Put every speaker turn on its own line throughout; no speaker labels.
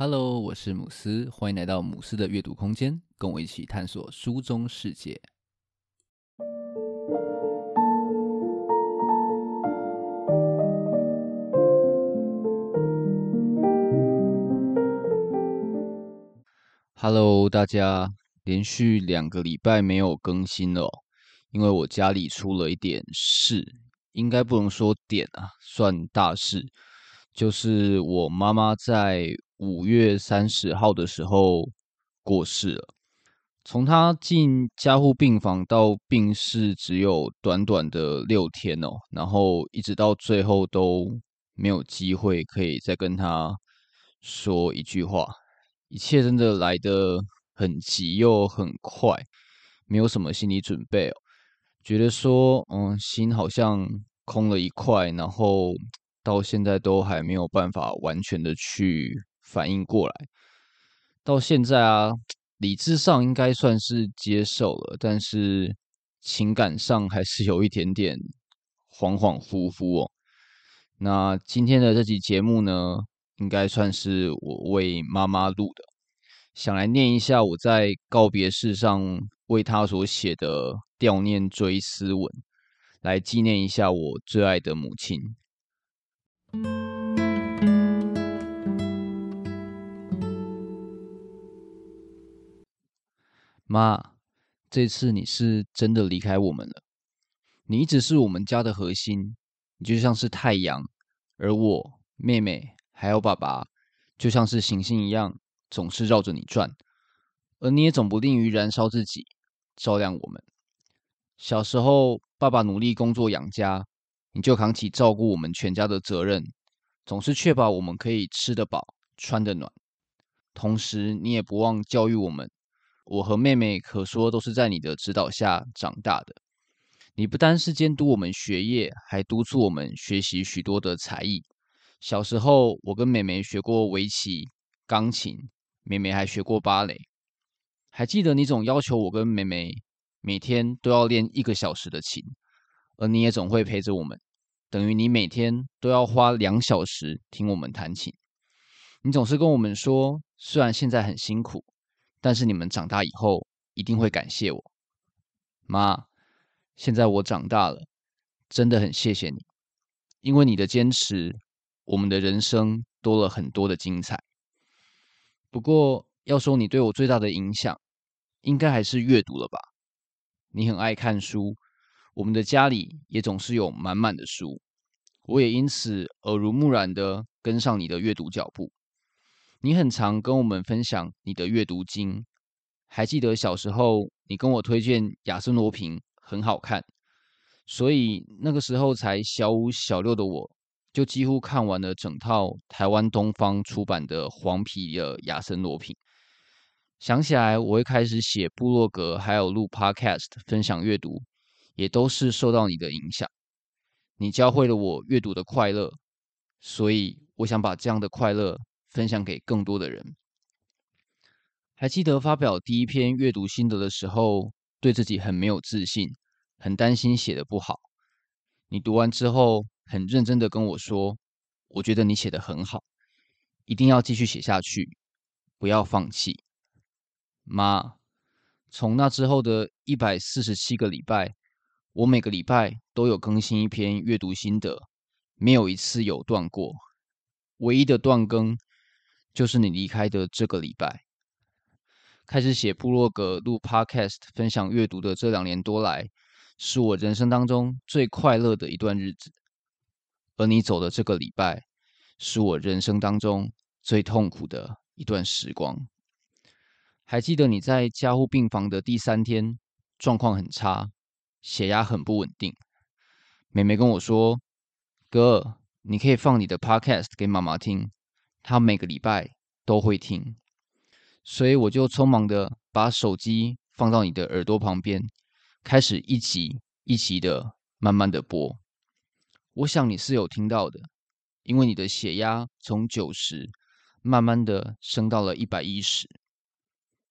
Hello，我是姆斯，歡迎來到姆斯的閱讀空間，跟我一起探索書中世界。Hello，大家，連續兩個禮拜沒有更新了哦，因為我家裡出了一點事，應該不能說點啊，算大事。就是我媽媽在五月三十號的時候過世了，從她進加護病房到病逝只有短短的六天哦，然後一直到最後都沒有機會可以再跟她說一句話，一切真的來得很急又很快，沒有什麼心理準備哦，覺得說嗯，心好像空了一塊，然後。到現在都還沒有辦法完全的去反應過來。到現在啊，理智上應該算是接受了，但是情感上還是有一點點恍恍惚惚惚哦。那今天的這期節目呢，應該算是我為媽媽錄的，想來念一下我在告別式上為她所寫的悼念追思文，來紀念一下我最愛的母親。媽，這次你是真的離開我們了。你一直是我們家的核心，你就像是太陽，而我、妹妹還有爸爸，就像是行星一樣，總是繞着你轉。而你也總不吝於燃燒自己，照亮我們。小時候，爸爸努力工作養家。你就扛起照顧我們全家的責任，總是確保我們可以吃得飽、穿得暖，同時你也不忘教育我們。我和妹妹可說都是在你的指導下長大的。你不單是監督我們學業，還督促我們學習許多的才藝。小時候，我跟妹妹學過圍棋、鋼琴，妹妹還學過芭蕾。還記得你總要求我跟妹妹每天都要練一個小時的琴，而你也總會陪着我們。等於你每天都要花兩小時聽我們彈琴。你總是跟我們說，雖然現在很辛苦，但是你們長大以後一定會感謝我。媽，現在我長大了，真的很謝謝你，因為你的堅持，我們的人生多了很多的精彩。不過，要說你對我最大的影響，應該還是閱讀了吧？你很愛看書。我們的家裡也總是有滿滿的書，我也因此耳濡目染地跟上你的閱讀腳步。你很常跟我們分享你的閱讀經，還記得小時候你跟我推薦《亞森羅蘋》很好看，所以那個時候才小五小六的，我就幾乎看完了整套台灣東方出版的黃皮的《亞森羅蘋》。想起來我會開始寫部落格，還有錄 Podcast 分享閱讀，也都是受到你的影響，你教會了我閱讀的快樂，所以我想把這樣的快樂分享給更多的人。還記得發表第一篇閱讀心得的時候，對自己很沒有自信，很擔心寫得不好。你讀完之後很認真的跟我說，我覺得你寫得很好，一定要繼續寫下去，不要放棄。媽，從那之後的一百四十七個禮拜。我每個禮拜都有更新一篇閱讀心得，沒有一次有斷過。唯一的斷更就是你離開的這個禮拜。開始寫部落格、錄 Podcast、分享閱讀的這兩年多來，是我人生當中最快樂的一段日子。而你走的這個禮拜，是我人生當中最痛苦的一段時光。還記得你在加護病房的第三天，狀況很差。血壓很不穩定，妹妹跟我說：“哥，你可以放你的 Podcast 給媽媽聽，她每個禮拜都會聽。”所以我就匆忙的把手機放到你的耳朵旁邊，開始一集一集的慢慢的播。我想你是有聽到的，因為你的血壓從九十慢慢的升到了一百一十。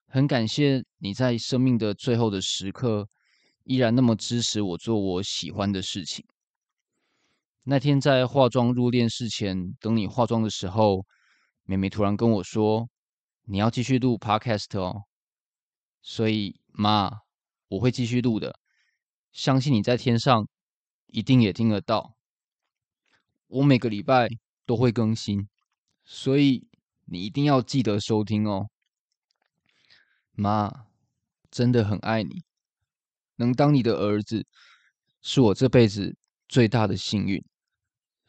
很感謝你在生命的最後的時刻。依然那麼支持我做我喜歡的事情。那天在化妝入殮室前，等你化妝的時候，妹妹突然跟我說：“你要繼續錄 Podcast 哦。”所以媽，我會繼續錄的。相信你在天上一定也聽得到。我每個禮拜都會更新，所以你一定要記得收聽哦。媽，真的很愛你。能當你的兒子，是我這輩子最大的幸運。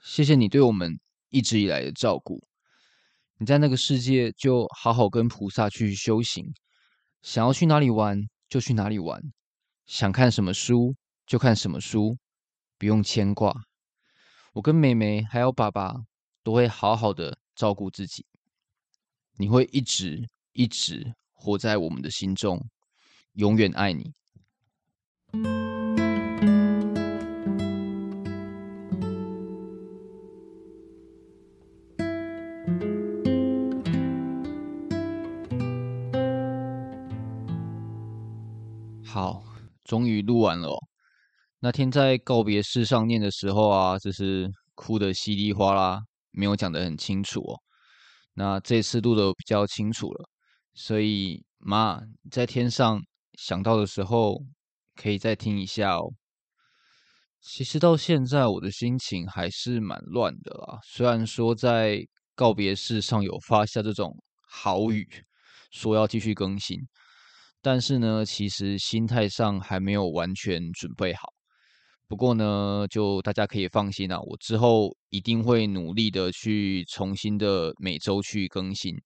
謝謝你對我們一直以來的照顧。你在那個世界就好好跟菩薩去修行，想要去哪裡玩就去哪裡玩，想看什麼書就看什麼書，不用牽掛。我跟妹妹還有爸爸都會好好的照顧自己。你會一直一直活在我們的心中，永遠愛你。好，終於錄完了哦。那天在告別式上念的時候啊，就是哭得稀里嘩啦，沒有講得很清楚哦。那這次錄得比較清楚了，所以媽在天上想到的時候。可以再聽一下哦。其實到現在，我的心情還是蠻亂的啦。雖然說在告別式上有發下這種豪語，說要繼續更新，但是呢，其實心態上還沒有完全準備好。不過呢，就大家可以放心啦、啊，我之後一定會努力的去重新的每周去更新，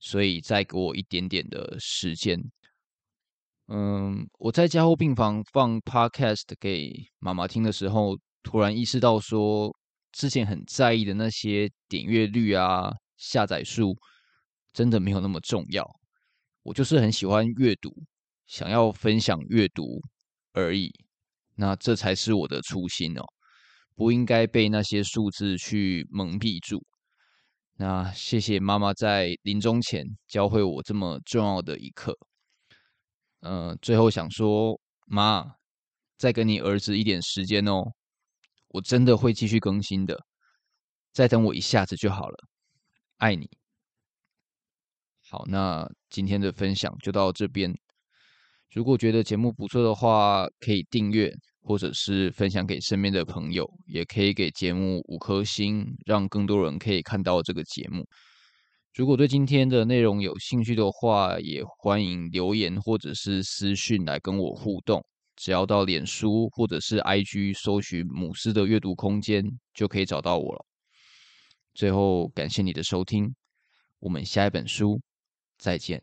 所以再給我一點點的時間。嗯，我在加護病房放 Podcast 給媽媽聽的時候，突然意識到說，之前很在意的那些點閱率啊、下載數，真的沒有那麼重要。我就是很喜歡閱讀，想要分享閱讀而已，那這才是我的初心哦，不應該被那些數字去蒙蔽住。那謝謝媽媽在臨終前教會我這麼重要的一課。呃，最後想說，媽，再給你兒子一點時間哦，我真的會繼續更新的，再等我一下子就好了，愛你。好，那今天的分享就到這邊。如果覺得節目不錯的話，可以訂閱或者是分享給身邊的朋友，也可以給節目五顆星，讓更多人可以看到這個節目。如果對今天的內容有興趣的話，也歡迎留言或者是私訊來跟我互動。只要到臉書或者是 IG 搜尋“姆斯的閱讀空間”，就可以找到我了。最後，感謝你的收聽，我們下一本書再見。